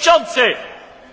przewodniczący!